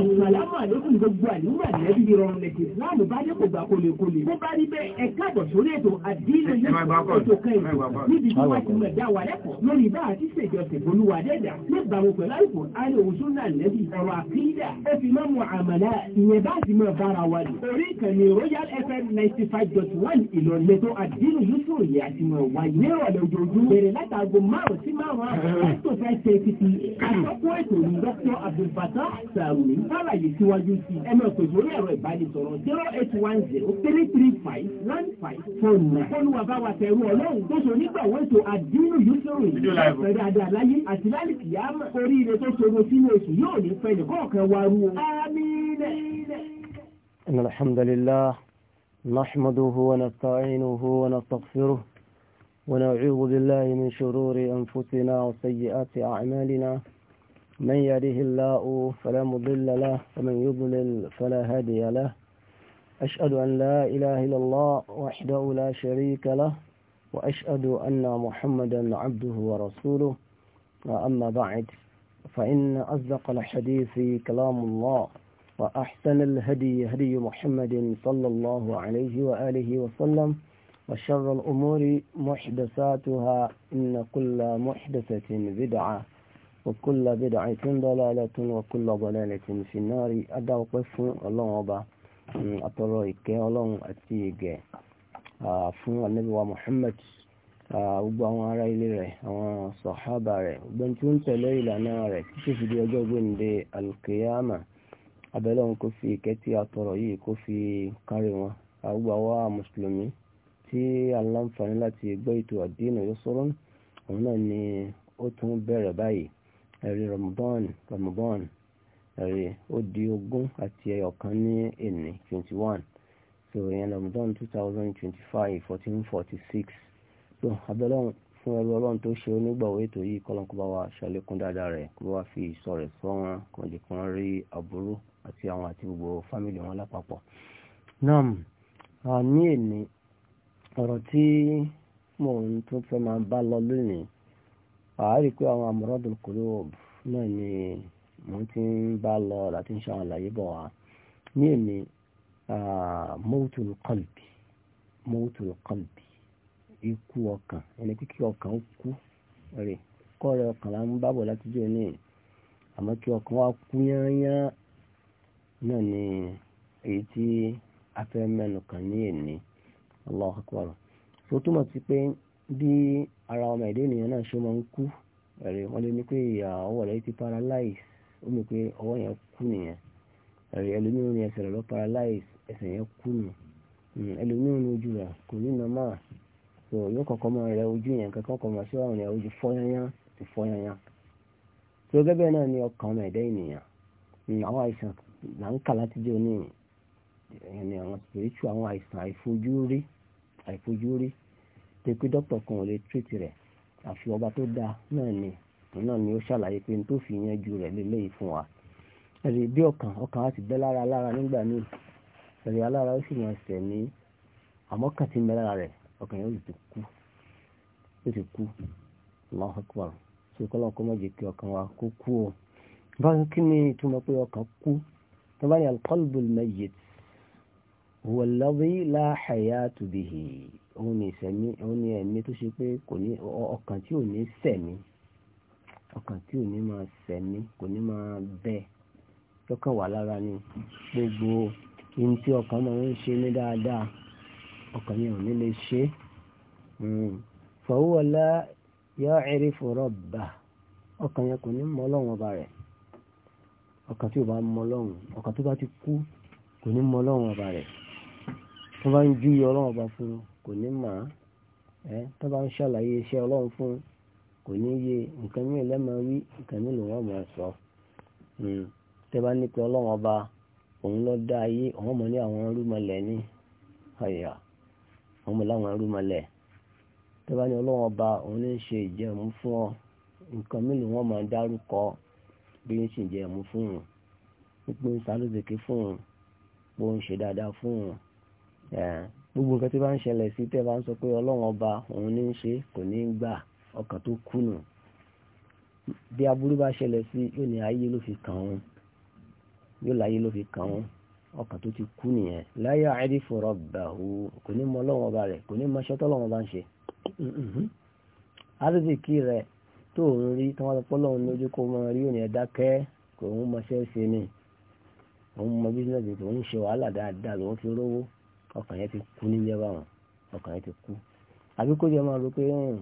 Àṣàlámàlékún gbogbo àlúwà lẹ́bí ìrọ̀rùn lẹ́kì láàrùn bá ní kò gbà kólekóle. Bó bá rí bẹ́ẹ̀ ẹ káàbọ̀ sórí ètò àdínú ètò kẹ́yìn níbi tí wọ́n ti mẹ̀dá wa lẹ́kọ̀ọ́ lórí bá àti ṣèjọsìn olúwa dẹ́dà níbàmú pẹ̀lú àìkò alẹ́ òṣùn náà lẹ́bí ọ̀rọ̀ àkídà. Ẹ fi mọ́ mu àmàlà ìyẹn bá ti mọ bára wa lò. Orí ìkànnì tó fẹ́ ان الحمد لله نحمده ونستعينه ونستغفره ونعوذ بالله من شرور أنفسنا وسيئات أعمالنا من يهده الله فلا مضل له ومن يضلل فلا هادي له أشهد أن لا إله إلا الله وحده لا شريك له وأشهد أن محمدا عبده ورسوله وأما بعد فإن أصدق الحديث كلام الله وأحسن الهدي هدي محمد صلى الله عليه وآله وسلم وشر الأمور محدثاتها إن كل محدثة بدعة وكل بدعة ضلالة وكل ضلالة في النار أدعو قف الله وبا أطرق الله أتيق فون النبي ومحمد gbogbo àwọn ará ilé rẹ̀ àwọn sọ̀hábà rẹ̀ gbọ́n tí ó ń tẹ̀lé ìlànà rẹ̀ títí fi di ọjọ́ gbòǹde alkiyama abẹ́lẹ́ wọn kò fi ìkẹ́ tí a tọrọ yìí kò fi kárí wọn gbogbo àwa mùsùlùmí tí aláǹfààní láti gbọ́ ètò àdínà yóò sọ̀rọ̀ òun náà ni ó tún bẹ̀rẹ̀ báyìí ẹ̀rí Ramadan Ramadan ẹ̀rí ó di ogún àti ẹyọkan ní èní twenty one so ìyẹn Ramadan two thousand twenty five fourteen forty six so abẹ́lẹ́ fún ẹrú ọlọ́run tó ṣe onígbàwó ètò yìí kọ́lọ́n kó bá wa ṣàlékún dáadáa rẹ̀ kó bá wa fi ìsọ rẹ̀ sọ wọn kò lè kàn rí àbúrò àti àwọn àti gbogbo fámìlì wọn lápapọ̀. náà ní èní ọ̀rọ̀ tí mò ń tún fẹ́ máa bá lọ lónìí àárí pé àwọn amradul qulub náà ni mo ti ń bá lọ láti ń ṣàwọn àlàyé bọ̀ wá ní èmi mawtul qalbi mawtul qalbi ikú ọkàn ẹni pé kí ọkàn kú rè kọ́ rẹ ọkàn là ń bábọ̀ láti jẹ́ ní àmọ́ kí ọkàn wa kú yányá náà ni èyí tí a fẹ́ mẹ́nu kàn ní èní. allah akbar so túmọ̀ pé bí ara ọmọ ẹ̀dẹ́ ènìyàn náà ṣe máa ń kú ẹ̀rẹ̀ wọ́n lè ní pé eti ọwọ́ rẹ̀ ti paralyze ó mú pé ọwọ́ yẹn kú nìyẹn ẹ̀rẹ̀ ẹlòmíràn ni ẹsẹ̀ rẹ̀ lọ paralyze ẹsẹ̀ yẹn kú nù hmm, ẹlòmíràn ni ojú rẹ̀ so yóò kọ̀kọ́ máa rẹ ojú yẹn kankan kọ̀ ojú so gẹ́gẹ́ náà ni ọkàn ọmọ ẹ̀dẹ́ ènìyàn hmm, àwọn àìsàn là ń kà láti jẹ́ ẹ̀yìn ni àwọn spiritual àwọn àìsàn àìfojúrí àìfojúrí tó pé dókítà kan ò lè tírètì rẹ̀ àfi ọba tó dáa náà ni náà ni ó ṣàlàyé pé n tó fi yanjú rẹ̀ lélẹ́yìí fún wa ẹ̀rì bí ọkàn ọkàn á sì bẹ́ lára lára nígbà míì ẹ̀rì alára ó sì máa ṣẹ̀ ní àmọ́ kàn ti mẹ́ lára rẹ̀ ọkàn yóò sì ti kú yóò ti kú Allahu Akbar ṣe kọ́ lọ́nkọ́ mọ́ jẹ́ kí ọkàn wa kó kú o báyìí kí ni ìtumọ̀ pé ọkàn kú tó bá ní al-qalbul wọ̀lọ́bí láhàyà tùbìhì òun ni ìsẹ̀mí òun ni ẹ̀mí tó ṣe pé ọkàn tí ò ní sẹ̀mí ọkàn tí ò ní máa sẹ̀mí kò ní máa lọ́kàn wà lára ni gbogbo ohun tí ọkàn máa ń ṣe ní dáadáa ọkàn yẹn ò ní lè ṣe fọwọ́lá yọ ẹ̀rí fọ̀rọ̀ bà ọkàn yẹn kò ní mọ ọlọ́run ọba rẹ̀ ọkàn tí ò bá mọ ọlọ́run tó bá ń júwe ọlọ́run ọba fún kò ní mà á ẹ tó bá ń ṣàlàyé iṣẹ́ ọlọ́run fún kò ní yé nǹkan mí lẹ́mọ̀ wí nǹkan mí lòun ọmọ sọ hmm. tẹ bá ní pé ọlọ́run ọba òun ló dá ayé òun mọ̀ ní àwọn rúmọlẹ̀ ní àyà òun mọ̀ láwọn rúmọlẹ̀ tẹ bá ní ọlọ́run ọba òun ní ṣe ìjẹun fún ọ nǹkan mí lòun ọmọ dárúkọ bí ń ṣe ìjẹun fún un pípín sálùbẹ̀kẹ́ fún un bó ń ṣe dáadáa fún un. gbogbo nǹkan tí bá ń ṣẹlẹ̀ sí tẹ́ bá ń sọ pé ọlọ́run ọba òun ní ń ṣe kò ní ń gbà ọkàn tó kùnà bí aburú bá ṣẹlẹ̀ sí fi kàn wọ́n yóò láyé ló fi kàn wọ́n ọkàn tó ti kú nìyẹn kò ní mọ ọlọ́run ọba rẹ̀ kò ní mọ ṣẹ́tọ́ ọlọ́run ọba ń ṣe mm-hmm. arzikí rẹ̀ tó ń rí tí wọ́n pọ́ lọ́run lójú mọ rí òní ẹ̀dá mọ ọkàn yẹn ti kú níjẹ́ báwọn ọkàn yẹn ti kú àbí kó jẹ́ máa rò pé hmm,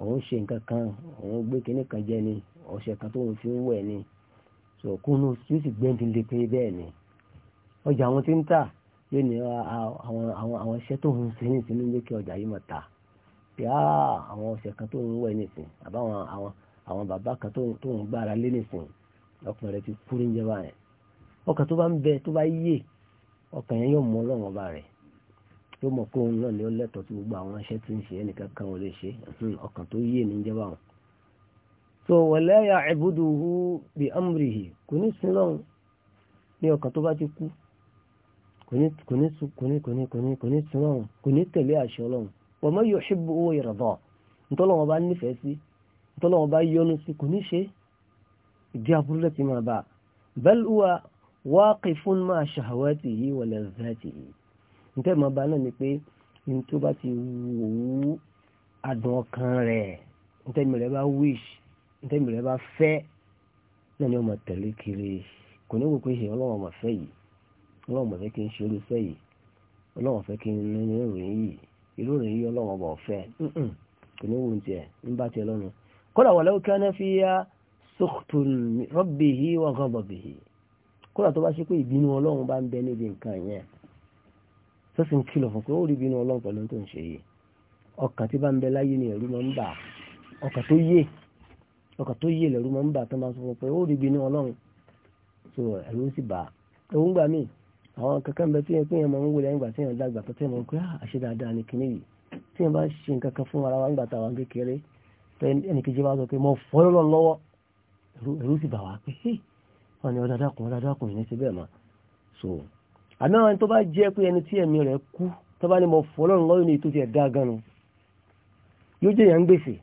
òun ṣe nǹkan kan òun gbé kinní kan jẹ ni ọṣẹ kan tóun fi ń wẹ̀ ni sòkúnú yóò sì gbé ndílé pé bẹ́ẹ̀ ni ọjà àwọn tí ń tà yóò ní ah, ah, àwọn iṣẹ́ tóun ṣe ní ìsinmi ń jẹ́ kí ọjà yìí máa tà pé ah, àwọn ọṣẹ kan tóun wẹ̀ nìsín àbáwọn àwọn bàbá kan tóun gbára lé nìsín ọkùnrin rẹ ti kú níjẹ́ báyẹn ọkàn tó bá ń bẹ tó bá yé ọkàn yẹn yóò mú ọlọ́run ọba rẹ̀ yóò mọ̀ pé òun náà ni ó lẹ́tọ̀ọ́ tí gbogbo àwọn iṣẹ́ tí ń ṣe ẹnìkan kan ò lè ṣe ọkàn tó yé ní jẹ́ báwọn. so wala ya'buduhu bi amrihi kò ní sin lọ́run ní ọkàn tó bá ti kú kò ní sin lọ́run kò ní tẹ̀lé àṣẹ ọlọ́run wa ma yuhibbu wa yarda ntọ́lọ́wọ́n bá nífẹ̀ẹ́ bá yọ́nú sí kò ní bá waqifun ma shahawatihi wa lazzatihi nítẹ́ mọ́ bá náà ni pé ní tó bá ti wò ó adùn ọkàn rẹ̀ nítẹ́mi rẹ̀ bá wish nítẹ́mi rẹ̀ bá fẹ́ náà ni ọmọ tẹ̀lé kiri kò ní wò pé ṣe ọlọ́wọ́n mọ̀ fẹ́ yìí ọlọ́wọ́n mọ̀ fẹ́ kí n ṣe irúfẹ́ yìí ọlọ́wọ́n fẹ́ kí n ní ìròyìn yìí ìròyìn yìí ọlọ́wọ́n bọ̀ fẹ́ kò ní wò tiẹ̀ ń bá tiẹ̀ lọ́nu kódà walaw kana fiya sukhtun rabbihi wa ghadabihi kódà tó bá ṣe pé ìbínú ọlọ́run bá ń bẹ níbi nǹkan yẹn tó sì ń kìlọ̀ fún pé ó rí ìbínú ọlọ́run pẹ̀lú tó ń ṣe yìí ọkàn tí bá ń bẹ láyé ni ẹ̀rú máa ń bà ọkàn tó yé ọkàn tó yé lẹ̀rú máa ń bà tó máa sọ fún pé ó rí ìbínú ọlọ́run tó ẹ̀rú sì bà òun gbà mí àwọn kankan bẹ tí yẹn pé yẹn máa ń wọlé nígbà tí yẹn dàgbà tó tẹ́ mọ́ pé ah, àṣẹ dáadáa ni kìnìún yìí tí yẹn bá ṣe nǹkan kan fún ara wa nígbà táwa kékeré ẹnì kejì bá sọ pé mo fọ́ lọ́wọ́ ẹ̀rú sì bà wá pé wọn ni ọ̀dà dákun ọ̀dà dákun bẹ́ẹ̀ mọ́ so àmì àwọn tó bá jẹ́ pé ẹni tí ẹ̀mí rẹ̀ kú tó bá ní mo fọ́ ọlọ́run lọ́yún ní ètò ti ẹ̀dá gan nu yóò jẹ́ yẹn ń gbèsè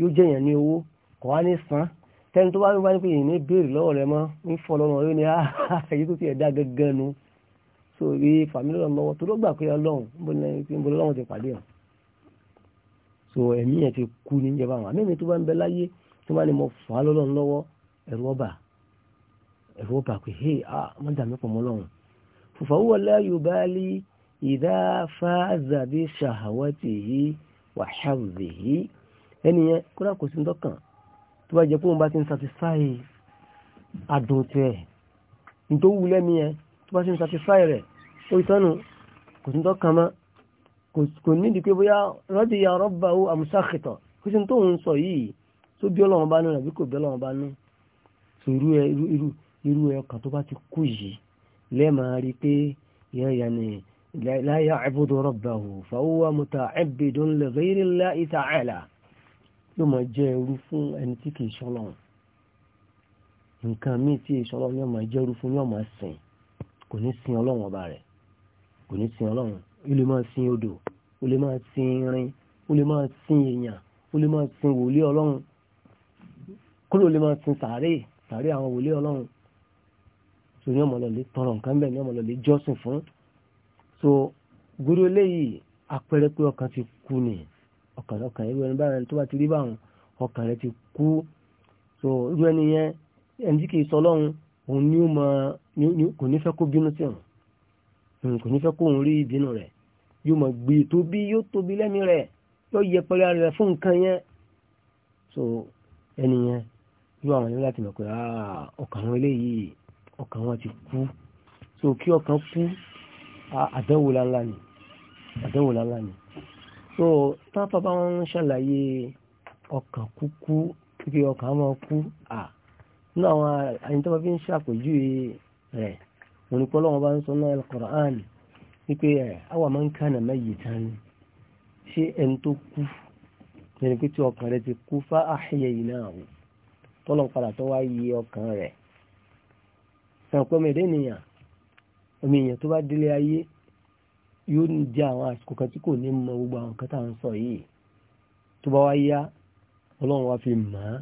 yóò jẹ́ yẹn ní owó kọ́ wá ní san tẹ́ni tó bá wípé ní pé ní béèrè lọ́wọ́ rẹ mọ́ ń fọ́ ọlọ́run lọ́yún ní ah, èyí tó ti ẹ̀dá gangan nu so rí fàmílì lọ́wọ́ tó ló gbà pé so ẹ̀mí yẹn ti kú níjẹba àwọn àmì mi tó bá ń bẹ láyé ẹ̀rọ bà pé hey ah wọ́n dà mí pọ̀ mọ́ lọ́hùn fòfà wúwo láyò bá lé ìdá fáza bí ṣàhàwátì yìí wà ṣàwùzì yìí ẹnìyẹn kódà kò sí ń dọ́kàn tó bá jẹ́ pé òun bá ti ń satisfy adùn tiẹ̀ nítorí wù lẹ́mi yẹn tó bá ti ń satisfy rẹ̀ ó ìtọ́nù kò sí ń dọ́kàn mọ́ kò ní ìdíkú bóyá rọ́dí ya rọ́bà ó àmúṣàkìtọ̀ kó sí tó ń sọ yìí tó bí ọlọ́run bá nú rẹ̀ bí kò bí ọlọ́run bá nú sòrú ẹ irú irú ọkàn tó bá ti kú yìí lẹ́ẹ̀mà rí pé yẹ́yà ni la ya'budu rabbahu fa huwa muta'abbidun li ghayri Allahi ta'ala yóò máa jẹ́ ẹrú fún ẹni tí kìí ṣọlọ́run nǹkan míì tí ìṣọlọ́run yóò máa jẹ́ ẹrú fún yóò máa sìn kò ní sin ọlọ́run ọba rẹ̀ kò ní sin ọlọ́run ó lè máa sin odò ó lè máa sin irin ó lè máa sin èèyàn ó lè máa sin wòlíì ọlọ́run kó lè máa sin sàárè sàárè àwọn wòlíì ọlọ́run so ní ọmọ lọlẹ tọrọ nǹkan bẹ́ẹ̀ ní ọmọ lọlẹ fún so gbúrú eléyìí apẹrẹ pé ọkàn ti kú ni ọkàn ọkàn irú ẹni báyìí tó bá ti rí báwọn ọkàn rẹ ti kú so irú ẹni yẹn ẹni tí kìí sọ Ọlọ́run òun ni ó mọ kò ní fẹ́ kó bínú sí òun kò ní fẹ́ kó òun rí ìbínú rẹ yóò mọ gbé e tóbi yóò tóbi lẹ́mí rẹ yóò yẹ pẹrẹ rẹ fún nǹkan yẹn so ẹni yẹn yóò àwọn ẹni láti mọ̀ pé ah, ọkàn àwọn eléyìí ọkàn wọn ti kú so kí ọkàn kú àdánwò lálá ni àdánwò lálá ni so tápá bá wọn ń ṣàlàyé ọkàn kúkú kí ọkàn máa kú à nínú àwọn àyíntọ́ba fi ń ṣàpèjúwe rẹ̀ olùkọ́lọ́wọ́n bá ń sọ náà al-Qur'an wípé ẹ̀ àwa man kana mayyitan ṣé ẹni tó kú ẹni pé tí ọkàn rẹ̀ ti kú fa ahyaynahu tọ́lọ̀ padà tó wá yí ọkàn rẹ̀ ẹ̀pọ̀ a ènìyàn omi èèyàn tó bá délé ayé yóò ní jẹ́ àwọn àsìkò kan tí kò ní mọ gbogbo àwọn kan ń sọ yìí tó bá wá yá ọlọ́run wá fi mọ̀ á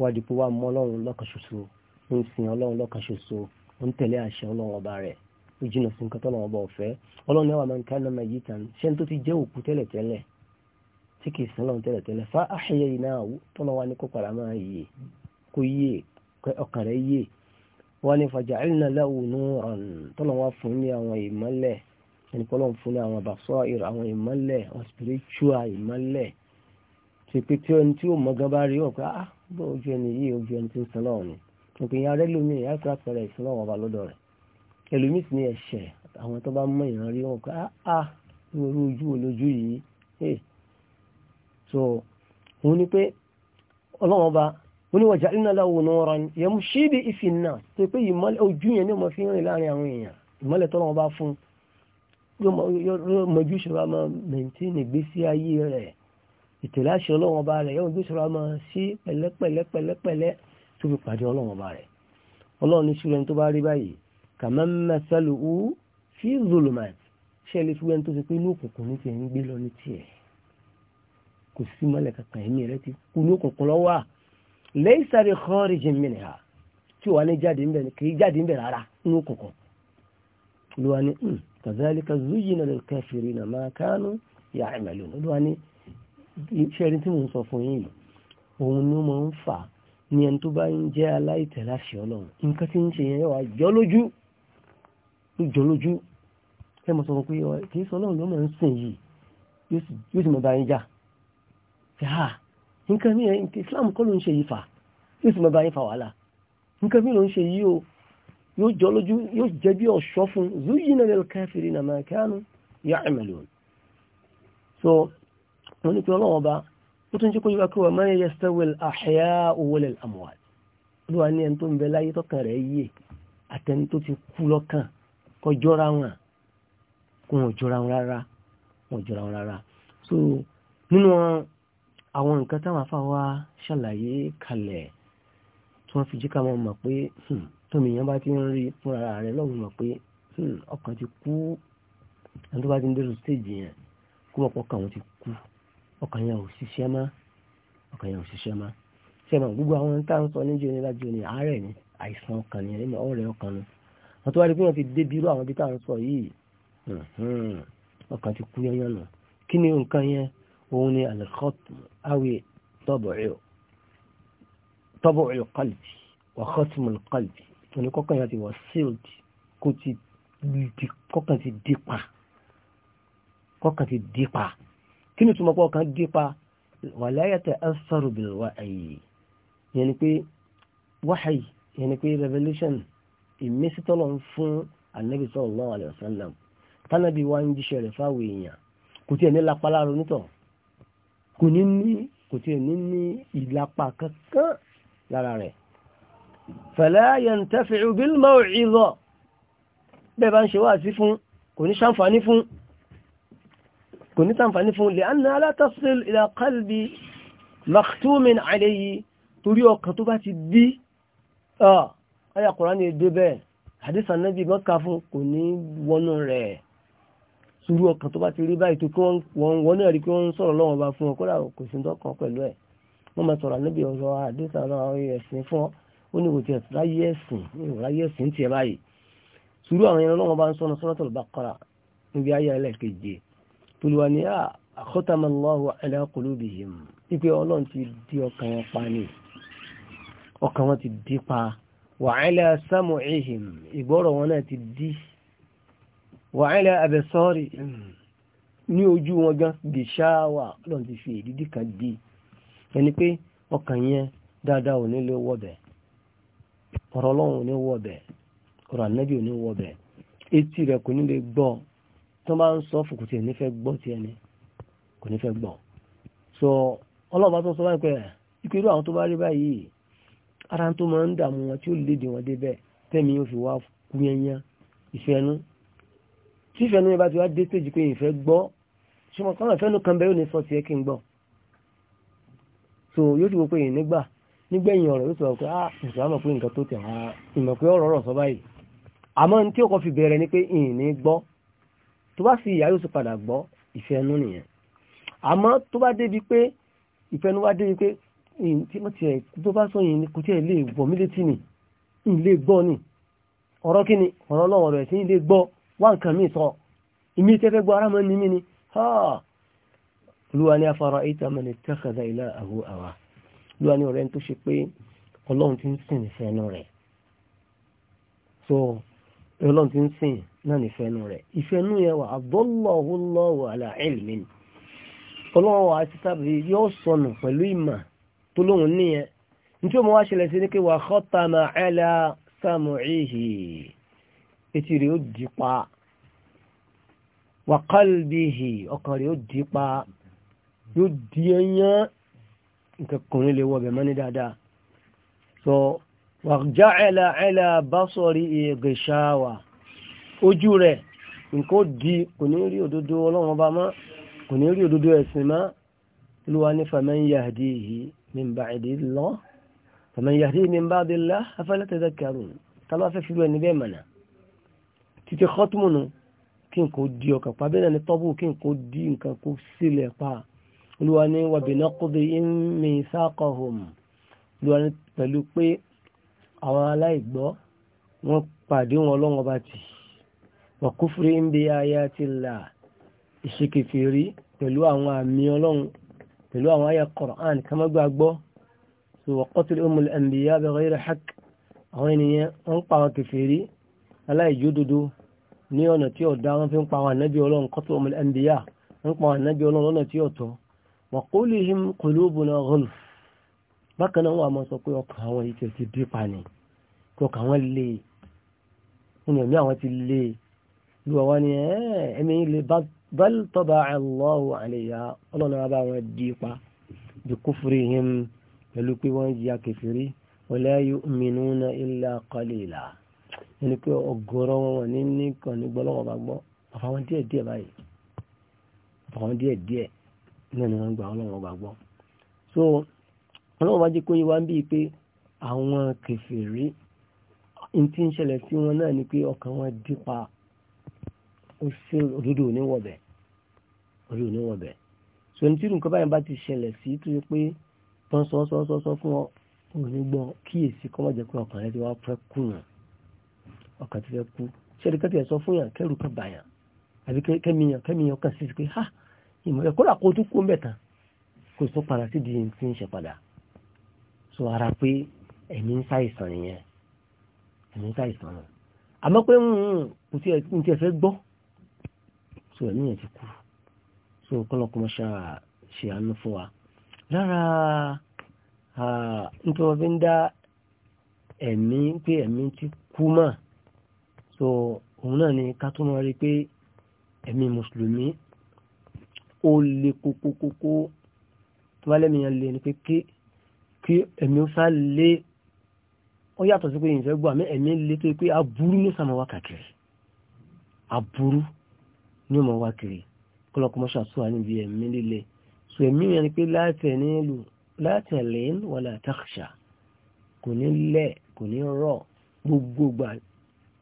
wá dìpọ̀ wá mọ́ ọlọ́run lọ́kàn ṣoṣo ń sin ọlọ́run lọ́kàn ń tẹ̀lé àṣẹ ọlọ́run ọba rẹ̀ ó jìnà sí nǹkan tọ́lọ́run ọba ọ̀fẹ́ ọlọ́run ẹwà máa ń kánà máa yí ṣé tó ti jẹ́ òkú tẹ́lẹ̀tẹ́lẹ̀ tí kì í sin ọlọ́run tẹ́lẹ̀tẹ́lẹ̀ fa àṣeyẹ iná tọ́lọ́ wa ní kó padà máa yè kó yè wọ́n ní fàjàìlínà láwùnú ọ̀n tọ́lọ̀ wá fún ní àwọn ìmọ́lẹ̀ ẹni kọ́ lọ́n fún ní àwọn àbàsọ́ ìrọ̀ àwọn ìmọ́lẹ̀ àwọn spiritual ìmọ́lẹ̀ tí pé tí ẹni tí ó mọ gan bá rí ọ̀pẹ́ ah bó ojú ẹni yìí ojú ẹni tí ń sin lọ́wọ́ ni òpin yàrá ẹlòmíì ìyá ìfẹ́ àpẹẹrẹ ìsin lọ́wọ́ lọ́dọ̀ rẹ̀ ẹlòmíì sì ẹ̀ṣẹ̀ àwọn tó bá mọ ìran rí ọ̀pẹ́ ah, ah irú ojú olójú yìí so òun ni pé ọlọ́wọ́n ọba wọ́n ní waja'alna lahu nuran yamshi bihi fi an-nas tó pé ìmọ́lẹ̀ ojú yẹn ní ọmọ fi ń rìn láàrin àwọn èèyàn ìmọ́lẹ̀ tọ́lọ́ wọn bá fún mọ́jú ṣọ́ra máa mẹ́ntínì gbésí ayé rẹ̀ ìtẹ̀láṣẹ́ ọlọ́wọ́n bá rẹ̀ yẹ́wọ́n gbésọ́ra máa sí pẹ̀lẹ́pẹ̀lẹ́pẹ̀lẹ́pẹ̀lẹ́ tó fi pàdé ọlọ́wọ́n bá rẹ̀ ọlọ́run ní ṣúrẹ́ni tó bá rí báyìí laysa bi kharijin ha, tí wà ní jáde ń bẹ̀ kì í jáde ń bẹ̀ rárá ní òkùnkùn olúwa ni hmm, kazalika zuyyina lil kafirina ma kanu ya'malun olúwa ni iṣẹ́ rí tí mo ń sọ fún yín òun ni ó máa ń fà ní ẹni tó bá ń jẹ́ aláìtẹ̀láṣẹ ọlọ́run nǹkan tí ń ṣe yẹn wà jọ lójú ẹ mọ̀ sọ pé kì sọ ọlọ́run ló máa ń sìn yìí yóò sì mọ̀ bá yín jà nǹkan mí ẹ̀ eh, islam kọ́ ló ń ṣe yìí fà yóò sì mọ́ bá yín fà wàhálà nǹkan mí ló ń ṣe yìí o yóò jọ lójú yóò jẹ́ bí ọ̀ṣọ́ fún zuyina lil kafirina ma kanu ya'malun so wọ́n ní pé ọlọ́wọ́ bá ó tún jẹ́ kó yíwá kí wọ́n ma yastawi al ahya'u wal amwat olúwa ní ẹni tó ń bẹ láyé tọ́kàn rẹ̀ yé àtẹni tó ti kú lọ́kàn kò jọra wọn kò wọ́n jọra wọn rárá wọ́n jọra wọn rárá so nínú àwọn nǹkan táwọn afáwa ṣàlàyé kalẹ̀ tí wọ́n fi jí ká mọ̀ pé hmm, tómi èèyàn bá ti ń rí fúnra rẹ̀ lọ́wọ́ mọ̀ pé hmm, ọkàn ti kú ẹni tó bá ti ń dérò stéèjì yẹn kó mọ̀ pé ọkàn wọn ti kú ọkàn yẹn ò ṣiṣẹ́ mọ́ ọkàn yẹn ò ṣiṣẹ́ mọ́ ṣẹ́mọ̀ gbogbo àwọn tá à ń sọ níjó ní lájó ní àárẹ̀ ni àìsàn ọkàn ni ẹ̀mí ọ̀rẹ́ ọkàn ni wọ́n tó wá rí pé wọ́n ti dé bírú àwọn bí tá sọ yìí hmm, ọkàn ti kú yányán nù kí ni nǹkan yẹn òun ni alikọ́tù awi tọ́bọ̀ọ̀yọ̀ kọlbì wà kọ́tùmù kọlbì tó ní kọ́kàn yàtì wà sealed kó ti kọ́kàn ti dípa kọ́kàn ti dípa kí ni túnmọ̀ kọ́kàn dípa wà láyàtà alfaru bil wahyi yẹn ni pé wahyi yẹn ni pé revelation ìmísítọ́lọ̀ fún anabi sallallahu alaihi wasallam tánàbí wa ń jíṣẹ́ rẹ̀ fáwọn èèyàn kò tí ẹ̀ ní lápá láàrọ̀ nítọ̀ kò ní ní kò tí ẹ̀ ní ní ìlapa kankan lára rẹ̀ fala yantafi'u bil maw'idha bẹ́ẹ̀ bá ń ṣe wáàsí fún kò ní ṣàǹfààní fún kò ní ṣàǹfààní fún li'anna la tasil ila qalbi makhtumin torí ọkàn tó bá ti dí ah, ayà Kùránì èdè bẹ́ẹ̀ hadith mọ́ka fún kò ní wọnú rẹ̀ sùúrù ọkàn tó bá ti rí báyìí tó kí wọ́n wọ́n náà rí pé wọ́n ń sọ̀rọ̀ lọ́wọ́ bá fún ọ kódà kò sí tọkàn pẹ̀lú ẹ̀ wọ́n máa sọ̀rọ̀ níbi ọ̀rọ̀ àdéhùn ọ̀rọ̀ ẹ̀sìn fún ọ ó ní kò tiẹ̀ ráyé ẹ̀sìn ráyé ẹ̀sìn tiẹ̀ báyìí sùúrù àwọn ẹran lọ́wọ́ bá ń sọ̀rọ̀ Suratul Baqara níbi ayé ẹlẹ́keje tolúwa ni ah, khatama Allahu ala qulubihim wípé ọlọ́run ti di ọkàn wọn pa ni ọkàn wọn ti di pa wàhálà abẹ́sọ́rì ní ojú wọn gan gèṣáwà lọ́n ti fi èdìdì kan di ẹni pé ọkàn yẹn dáadáa ò ní lè wọ̀bẹ̀ ọ̀rọ̀ ọlọ́run ò ní wọ̀bẹ̀ ọ̀rọ̀ ànábì ò ní wọ̀bẹ̀ etí rẹ̀ kò ní lè gbọ́ tó bá ń sọ fòkùtì ẹ̀ gbọ́ ti ẹni kò nífẹ̀ẹ́ gbọ́ so ọlọ́run bá tó sọ báyìí pé ìpérú àwọn tó bá rí báyìí ara tó máa ń dààmú wọn tí ó lè dè wọn tẹ́mi yóò fi wá kú yẹn tí ìfẹ́nu yẹn bá ti wá dé stage pé ìfẹ́ gbọ́ ṣùgbọ́n kọ́nà ìfẹ́nu kan bẹ́ẹ̀ ò ní sọ tiẹ̀ kí n gbọ́ so yóò ti wo pé èyí nígbà nígbẹ̀yìn ọ̀rọ̀ yóò sọ pé ah ìṣòro àmọ̀ pé nǹkan tó tẹ̀ wá ìmọ̀ pé ọ̀rọ̀ ọ̀rọ̀ sọ báyìí àmọ́ ní tí ó kọ́ fi bẹ̀rẹ̀ ni pé ìyìn ní gbọ́ tó bá sì ìyá yóò sì padà gbọ́ ìfẹ́nu nìyẹn àmọ́ tó bá débi pé ìfẹ́nu wá débi pé tí mo tiẹ̀ tó bá sọ yìí kò tiẹ̀ lè gbọ́ mí létí ni ìlé gbọ́ ni ọ̀rọ̀ kí ni ọ̀rọ̀ ọlọ́run rẹ̀ sí ilé gbọ́ wá nǹkan mí sọ ìmí tẹ́fẹ́ gbọ́ ara mọ́ ní mí ni lúwa ní afárá ìtàmà ní tẹ́kẹ̀dá ilá àwọ àwà lúwa ní ọ̀rẹ́ tó ṣe pé ọlọ́run ti ń sìn ní fẹ́nu rẹ̀ so ọlọ́run náà ní fẹ́nu rẹ̀ ìfẹ́nu yẹn wà adallahu ala ọlọ́run wà ti sábẹ̀ yóò sọnù pẹ̀lú ìmọ̀ tó lóhun níyẹn nítorí mo wá ṣẹlẹ̀ sí ní pé wà khatama ala sam'ihi etí rẹ̀ ó dì pa wàkálbìhì ọkàn rẹ̀ ó dì pa yóò di ẹyán nǹkan kan ní lè wọ bẹ̀ mọ́ ní dáadáa so wàjá ẹ̀là ẹ̀là bá sọ̀rí ìgbẹ̀ṣáwà ojú rẹ̀ nǹkan ó di kò ní rí òdodo ọlọ́run ọba mọ́ kò ní rí òdodo ẹ̀sìn mọ́ olúwa ní faman yahdihi min ba'dillah faman yahdihi min ba'dillah afala tadhakkarun tá a bá fẹ́ fi lú ẹni bẹ́ẹ̀ mọ̀nà títí xọ́tùmùnù kí n kò di ọkàn pa bẹ́ẹ̀ ni tọ́bù kí n kò di nǹkan kó sílẹ̀ pa olúwa ní wàbìnà kóde ìmì sákọ̀hùn olúwa ní pẹ̀lú pé àwọn aláìgbọ́ wọ́n pàdé wọn ọlọ́wọ́n bá ti wọ́n kúfúrí ń bí ayá ti là ìṣekèfèrí pẹ̀lú àwọn àmì ọlọ́run pẹ̀lú àwọn ayá Qur'an kamagbàgbọ́ so wọ́n kọ́tìlì ọmọlẹ̀ ẹ̀mbìyà bẹ̀rẹ̀ rẹ̀ hàk àwọn ènìyàn wọ́n pa àwọn kèfèrí aláìjódodo ní ọ̀nà tí ọ̀dá wọn fi ń pa àwọn ànábì ọlọ́run kọ́tù ọmọ ẹ̀ndìyà ń pa àwọn ànábì ọlọ́run lọ́nà tí ọ̀tọ̀ wa qulihim qulubuna ghulf bákan náà wọn àmọ́ sọ pé ọkàn àwọn yìí tẹ̀ ti dé pani kí ọkàn wọn lè nínú ẹ̀mí àwọn ti lè lùwà wá ní ẹ̀mí lè bal taba'a Allahu alayha ọlọ́run bá wọn dí pa bí kufrihim pẹ̀lú pé wọ́n yà kẹfìrí wala yu'minuna illa qalila ẹni pé ọgọ́rọ̀ wọn ní nìkan ní gbọ́lọ́wọ́ bá gbọ́ àfàwọn díẹ̀ díẹ̀ báyìí àfàwọn díẹ̀ díẹ̀ náà ni wọ́n gba ọlọ́wọ́ bá gbọ́ so ọlọ́wọ́ bá jẹ́ kó yé wá ń bíi pé àwọn kèfèrí n tí ń ṣẹlẹ̀ sí wọn náà ni pé ọkàn wọn dípa ó ṣe òdodo oníwọ̀bẹ̀ òdodo oníwọ̀bẹ̀ so ní tí nǹkan báyìí bá ti ṣẹlẹ̀ sí tó yẹ pé tán sọ́sọ́sọ́ fún ọ òní gbọ́ kíyèsí kọ́mọ̀jẹ́ pé ọkàn rẹ ti wá pẹ́ kùnà ọkàn ti fẹ́ kú ṣẹ́ni kẹ́tì ẹ̀sọ́ fún yàn kẹ́rù kan bàyàn àbí kẹ́miyàn kẹ́miyàn kan sí pé ha ìmọ̀lẹ́ kó làkó tó kó mẹ́ta kó tó padà sí di ti ń ṣe padà so ara pé ẹ̀mí ń ṣàìsàn nìyẹn ẹ̀mí ń ṣàìsàn nù àmọ́ pé hmm, hmm, kò tí ẹ̀ ń tiẹ̀ fẹ́ gbọ́ so ẹ̀mí yẹn ti kú so kọ́lọ́kọ́ ṣe àánú fún wa lára nítorí wọ́n fi ń dá ẹ̀mí pé ẹ̀mí ti kú mọ́ so òun náà ni ká tó máa rí pé ẹ̀mí mùsùlùmí ó le kókókókó tó bá lẹ́mìíyàn lè ní pé kí ẹ̀mí ó sá lé ó yàtọ̀ sí pé ìfẹ́ gbọ́ àmì ẹ̀mí lé tó pé aburú ní sàmọ́ wá kàkiri aburú ní ọmọ wá kiri mọ́ṣà tó wà níbi ẹ̀mí líle so ẹ̀mí yẹn ni pé láti ẹ̀lẹ́yìn wala takhsha kò ní lẹ̀ kò ní rọ̀ gbogbo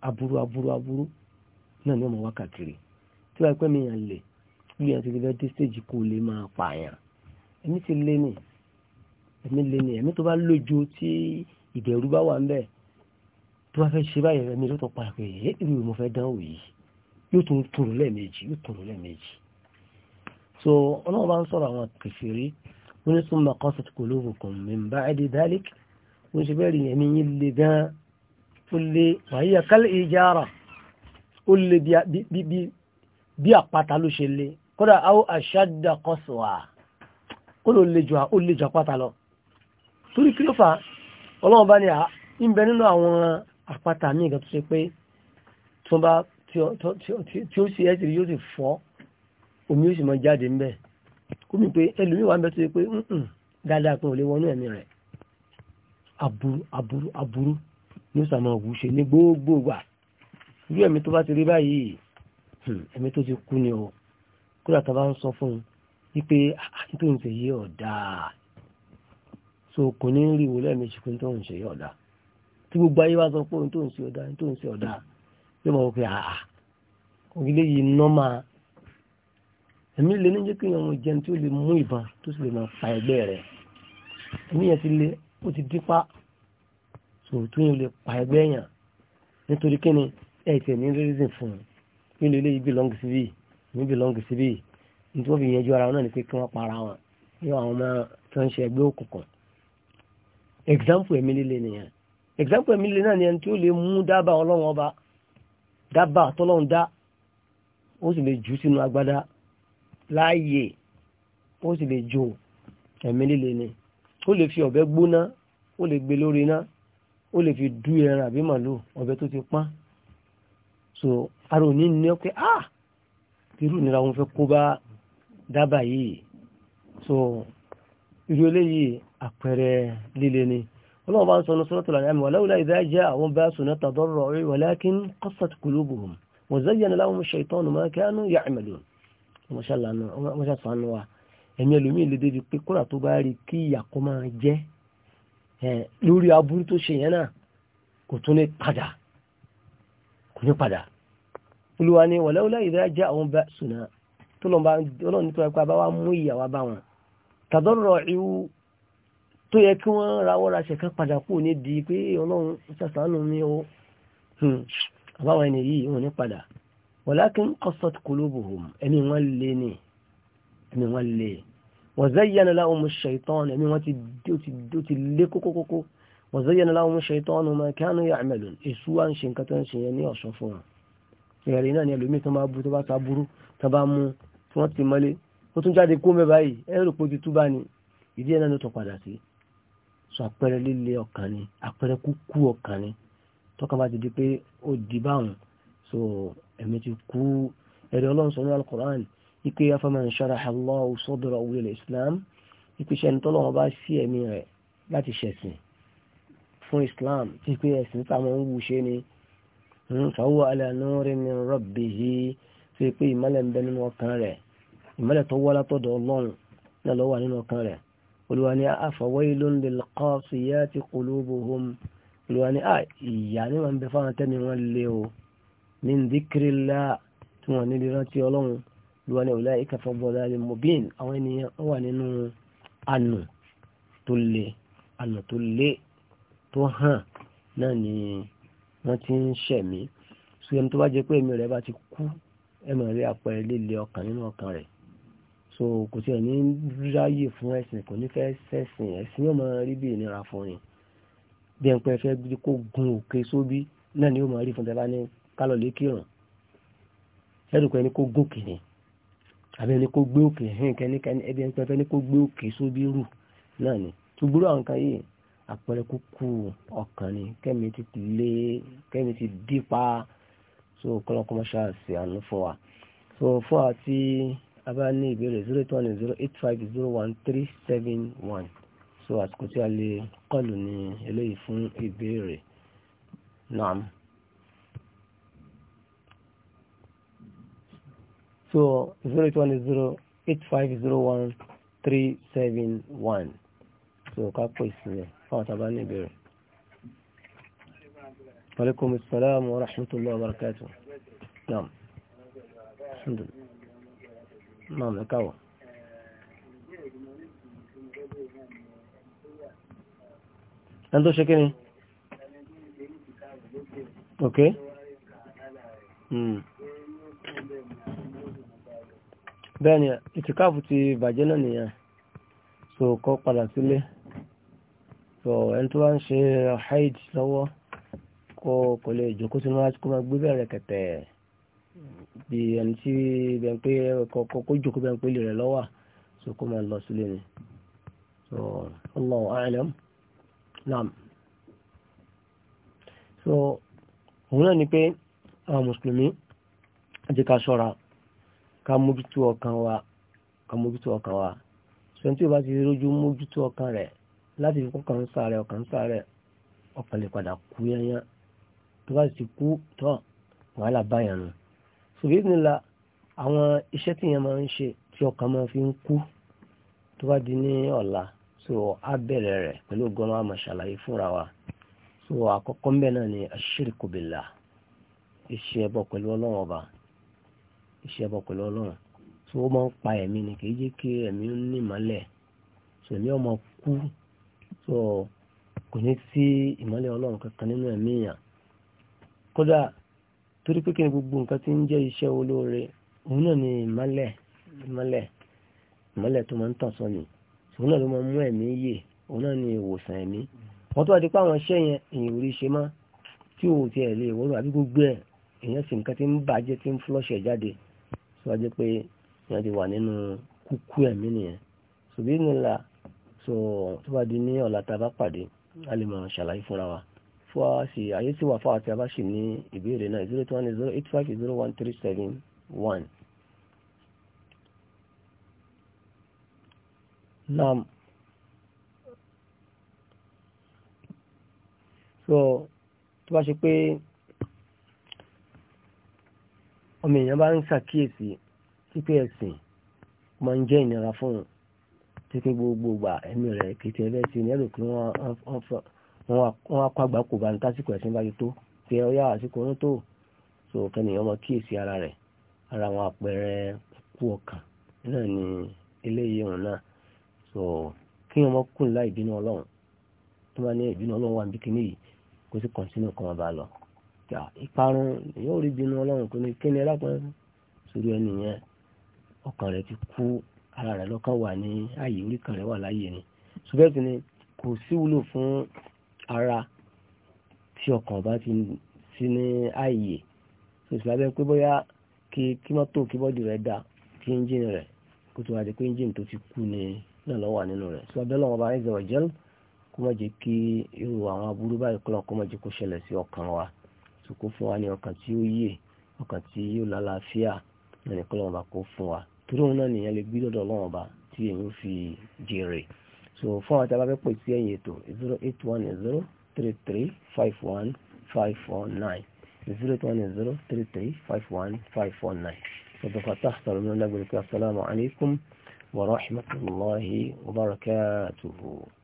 Aburu aburu aburu náà ni ọmọ wákàkiri tí wàá pẹ́ mi yàn lè bí yàn ti lè fẹ́ dé stage kó lè máa pààyàn ẹ̀mí ti lé ní ẹ̀mí lé ní ẹ̀mí tó bá lójo tí ìbẹ̀rù bá wà ń bẹ̀ tó bá fẹ́ ṣe báyìí ẹ̀mí ló pa pé ẹ̀ irú mo fẹ́ dánwò yìí yóò tún tòrò lẹ́ẹ̀mejì yóò tòrò lẹ́ẹ̀mejì so ọlọ́run bá ń sọ̀rọ̀ àwọn kèfèrí wọ́n ní summa qasat qulubukum min ba'di dhalik wọ́n ṣe bẹ́ẹ̀ rí ẹ̀mí yín le gan-an tó lè wàyíyà kálí ìjára ó lè bí àpáta ló ṣe lè kódà áwọ́ àṣádà kọ́sùwà ó lò lè jù àpáta lọ torí kí ló fà ọlọ́run bá ní à ń bẹ nínú àwọn àpáta ní ìgbà tó ṣe pé tó bá tí ó sì ẹ́ sì rí yóò sì fọ́ omi yóò sì mọ jáde ńbẹ kó mi pé ẹlòmíì wà ń bẹ tó ṣe pé dáadáa kan ò lè wọnú ẹ̀mí rẹ̀ aburú aburú aburú yóò sàmọ̀ òwú ṣe ní gbogbo wà irú ẹ̀mí tó bá ti rí báyìí hmm, ẹ̀mí tó ti kú ni o kódà tó bá ń sọ fún un wípé ah, tó ń ṣe yé ọ̀dà so kò ní rí wò lẹ́ẹ̀mejì pé tó ń ṣe yé ọ̀dà tí gbogbo ayé wa sọ pé tó ń ṣe ọ̀dà tó ń ṣe ọ̀dà yóò mọ̀ pé àà ah, ògìlẹ̀ ah, yìí nọ́mà ẹ̀mí lè ní jẹ́ kí ọmọ ìjẹun tí ó lè mú ìbọn tó sì lè máa fa ẹgbẹ́ rẹ̀ ẹ̀mí yẹn ti lé ó ti dípa so tí yóò lè pa ẹgbẹ́ èèyàn nítorí kí ni ẹ̀ tẹ̀ ní reason fún un kí ló lè belong sí bí ní belong sí bí nítorí wọ́n fi yẹjú ara wọn náà ni pé kí wọ́n para wọn ní àwọn ọmọ tó ń ṣe ẹgbẹ́ òkùnkùn example ẹ̀mí líle nìyẹn example ẹ̀mí líle náà ni ẹni tí ó lè mú dábàá ọlọ́run ọba dábàá tọ́lọ́run dá ó sì lè jù sínú agbádá láàyè ó sì lè jò ẹ̀mí líle ni ó lè fi ọ̀bẹ gbóná ó lè gbé lórí náà ó lè fi dú ẹran àbí màlúù ọ̀bẹ tó ti pọ́n so ara òní ní ọ pé ah irú ìnira òun fẹ́ kó bá dábàá yìí so irú eléyìí àpẹẹrẹ líle ni ọlọ́wọ́ bá ń sọ ní suratul An'am walawla idha ja'ahum ba'suna tadarra'u walakin qassat qulubuhum wa zayyana lahum ash-shaytanu ma kanu ya'malun mọ́ṣáláà náà mọ́ṣáláà sànù wa ẹ̀mí ẹlòmíì lè débi pé kódà tó bá rí kí ìyà máa jẹ́ lórí aburú tó ṣe yẹn náà kò tún ní padà kò ní padà olúwa ni wọ̀lẹ́wọ̀lẹ́ ìdájá àwọn bá ṣùnà tó lọ́nà ọlọ́run tó ẹ̀kọ́ àbáwá mú ìyàwó bá wọn tàdọ́rọ̀ ìwú tó yẹ kí wọ́n rawọ́ ra ṣẹ̀kan padà kú ní di pé ọlọ́run ṣàṣánú mi ó hmm. àbáwọn ẹni yìí wọn ní padà wọ̀lákin nwa qulubuhum ẹni wọ́n lé وزين لهم الشيطان يعني ما تدوتي دوتي لكو كو كو وزين لهم الشيطان ما كانوا يعملون إسوا شنكتن شيني أشوفون يعني ناني لومي تما أبو تبا تابرو تبا مو تما تمالي وتم جادي كومي باي إيرو كودي تباني ìdí ẹ̀nà ló tó padà sí sọ àpẹẹrẹ líle ọkàn ni àpẹẹrẹ kúkú ọkàn ni tọ́kàn bá ti di pé ó di báwọn so ẹ̀mí ti kú ẹ̀rẹ́ ọlọ́run sọ ní al-Qur'an ipe afaman sharaha Allahu sadrahu lil Islam ipe sẹ́ni tọ́lọ́wọ́n bá sí ẹ̀mí rẹ̀ láti ṣẹ̀sìn fún Islam tí pé ẹ̀sìn táwọn ń wù ṣe ni hmm, fahuwa ala nurin min rabbihi tó yẹ pé ìmọ́lẹ̀ ń bẹ nínú ọkàn rẹ̀ ìmọ́lẹ̀ tó wá látọ̀dọ̀ ọlọ́run náà ló wà nínú ọkàn rẹ̀ olùwà ni afawailun lil qasiyati qulubuhum olùwà ni ìyá ni wọ́n ń bẹ fáwọn tẹ́ni wọn lé o min dhikrillah tí wọ́n níbi rántí ọlọ́run lọ́wọ́ ní ọ̀lá ìkàfẹ́ bọ́dá lè mọ̀ bí àwọn ènìyàn wà nínú ànà tó le ànà tó le tó hàn náà ni wọ́n ti ń ṣẹ̀mí so ẹni tó bá jẹ́ pé ẹ̀mí rẹ̀ bá ti kú ẹ̀mí rẹ̀ àpẹẹrẹ líle ọkàn nínú ọkàn rẹ̀ so kò tí ẹ̀ ní ráyè fún ẹ̀sìn kò ní fẹ́ sẹ̀sìn ẹ̀sìn yóò máa rí bí ìnira fún ni bí ẹn pẹ́ fẹ́ bí kó gun òkè sóbí náà ni yóò máa rí fún tẹ́lá ní kálọ̀ lékìrùn ẹ̀rù pé ẹni kó gòkè ni àbí ẹni kó gbé òkè hìn kẹ́nikẹ́ni ẹbí ẹni pẹ́ẹ́fẹ́ ni kó gbé òkè sóbí rù náà ni tó gbúrò àwọn kan yìí àpẹẹrẹ kúkú ọkàn ni kẹ́mi ti lé kẹ́mi ti dí pa so kọ́lọ́kọ́ mọ́ṣá sí àánú fún wa so fún wa tí a bá ní ìbéèrè zero eight one zero eight five zero one three seven one so àsìkò tí a lè kọlù ní eléyìí fún ìbéèrè naam. So 08108501371. So ká pè sí ẹ fáwọn tàbá ní ìbéèrè. Aleykum salaam wa rahmatullahi wa barakatuh. Naam. Alhamdulillah. Naam, ẹ káwọ̀. Ẹni tó ṣe kí ni? Okay. Mm. bẹ́ẹ̀ ni ìtìkáàfù ti bàjẹ́ náà nìyẹn so kọ́ padà sílé so ẹni tó bá ń ṣe haid lọ́wọ́ kó kò lè jókòó sínú láti kó máa gbé bẹ̀rẹ̀ kẹ̀tẹ̀ bí ẹni tí bẹ́ẹ̀ pé kọ́kọ́ kó lè rẹ̀ lọ́wọ́ so kó máa lọ sílé ni so Allahu a'lam nam so òun náà ni pé àwọn mùsùlùmí ẹ̀jẹ̀ ṣọ́ra ká mójútó ọkàn wa ká mójútó ọkàn wa ṣe tí o bá ti rójú mójútó ọkàn rẹ̀ láti fi kọ́kàn ń sáré ọkàn ń sáré ọkàn lè padà kú yányán tó bá ti kú tọ́ wàhálà báyàn nù ṣùgbọ́n ìdílé àwọn iṣẹ́ tí yẹn máa ń ṣe tí ọkàn máa fi ń kú tó bá di ní ọ̀la so á bẹ̀rẹ̀ rẹ̀ pẹ̀lú gan máa ṣàlàyé fúnra wa so àkọ́kọ́ ń náà ni aṣíríkù billah iṣẹ́ ẹbọ pẹ̀lú ọlọ́run ọba ìṣẹ́bọ pẹ̀lú ọlọ́run tó o máa ń pa ẹ̀mí ni kì í jẹ́ kí ẹ̀mí ń ní ìmọ́lẹ̀ tó ẹ̀mí ọmọ kú tó kò ní sí ìmọ́lẹ̀ ọlọ́run kankan nínú ẹ̀mí yàn kódà torí pé kí ni gbogbo nǹkan tí ń jẹ́ iṣẹ́ olóore òun náà ni ìmọ́lẹ̀ ìmọ́lẹ̀ ìmọ́lẹ̀ tó máa ń tàn sọ́ni òun náà ló máa ń mú ẹ̀mí yè òun náà ni ìwòsàn ẹ̀mí wọ́n tó wá di pé àwọn iṣẹ́ yẹn èyàn ò rí ṣe mọ́ tí òun ti ẹ̀ lè wọ́n àbí gbogbo ẹ̀ èyàn sì nǹkan tí ń bàjẹ́ tí ń flush ẹ̀ jáde tó wá jẹ́ pé èèyàn ti wà nínú kúkú ẹ̀mí nìyẹn ṣùgbọ́n ìrìn ńlá tó bá di ní ọ̀la tá a bá pàdé a lè mọ̀ ṣàlàyé fúnra wa fún wa sí ayé tí wà fáwọn tí a bá ṣì ní ìbéèrè náà zero two one zero eight five zero one three seven one. Naam. so tó bá ṣe pé ọmọ èèyàn bá ń ṣàkíyèsí pípé ẹ̀sìn máa ń jẹ́ ìnira fún un títí gbogbo gbà ẹ̀mí rẹ̀ kété ẹlẹ́sìn ní ẹ̀rọ pé wọ́n á kó àgbà kò bá ní tásìkò ẹ̀sìn bá ti tó pé ọyá àsìkò ń tó so kẹ́nìyàn máa kíyèsí ara rẹ̀ ara àwọn àpẹẹrẹ kú ọkàn náà ni eléyìí òun náà so kí wọ́n kùn láì bínú ọlọ́run tó bá ní ìbínú ọlọ́run wà níbi kíní yìí kó sì kọ̀ǹtínú kan ọba lọ jà ìparun yóò rí bínú ọlọ́run kò ní kí ni ẹlọ́kùnrin sórí ẹni yẹn ọkàn rẹ ti kú ara rẹ lọ́kàn wà ní ààyè orí kan rẹ wà láàyè ni ṣùgbọ́n ni kò sí wúlò fún ara tí ọkàn bá ti sí ní ààyè tó sì lábẹ́ pé bóyá kí kí mọ́tò kí bọ́dì rẹ dá kí ẹ́ńjìnì rẹ kó tó wá di pé ẹ́ńjìnì tó ti kú ni náà lọ́wọ́ nínú rẹ̀ sọ abẹ́lẹ́ wọn bá ẹ̀ zọ̀rọ̀ jẹ́lú kó má jẹ́ kí irú àwọn aburú báyìí kọ́lọ́ kó jẹ́ kó ṣẹlẹ̀ sí ọkàn wa sòkó fún wa ní ọkàn tí ó yè ọkàn tí yóò lálàáfíà lẹ́nu kọ́ lọ́wọ́ bá kó fún wa torí òun náà nìyẹn lè gbé lọ́dọ̀ lọ́wọ́ bá tí èyí ń fi jèrè so fún àwọn tí a pè sí ẹ̀yìn ètò zero eight one zero three three five one five four nine zero eight one zero three three five one five four nine ọ̀dọ̀ fatah sọ̀rọ̀ mi lọ́gbẹ̀rẹ̀ pé asalaamualeykum wa rahmatulahi wa barakatuhu.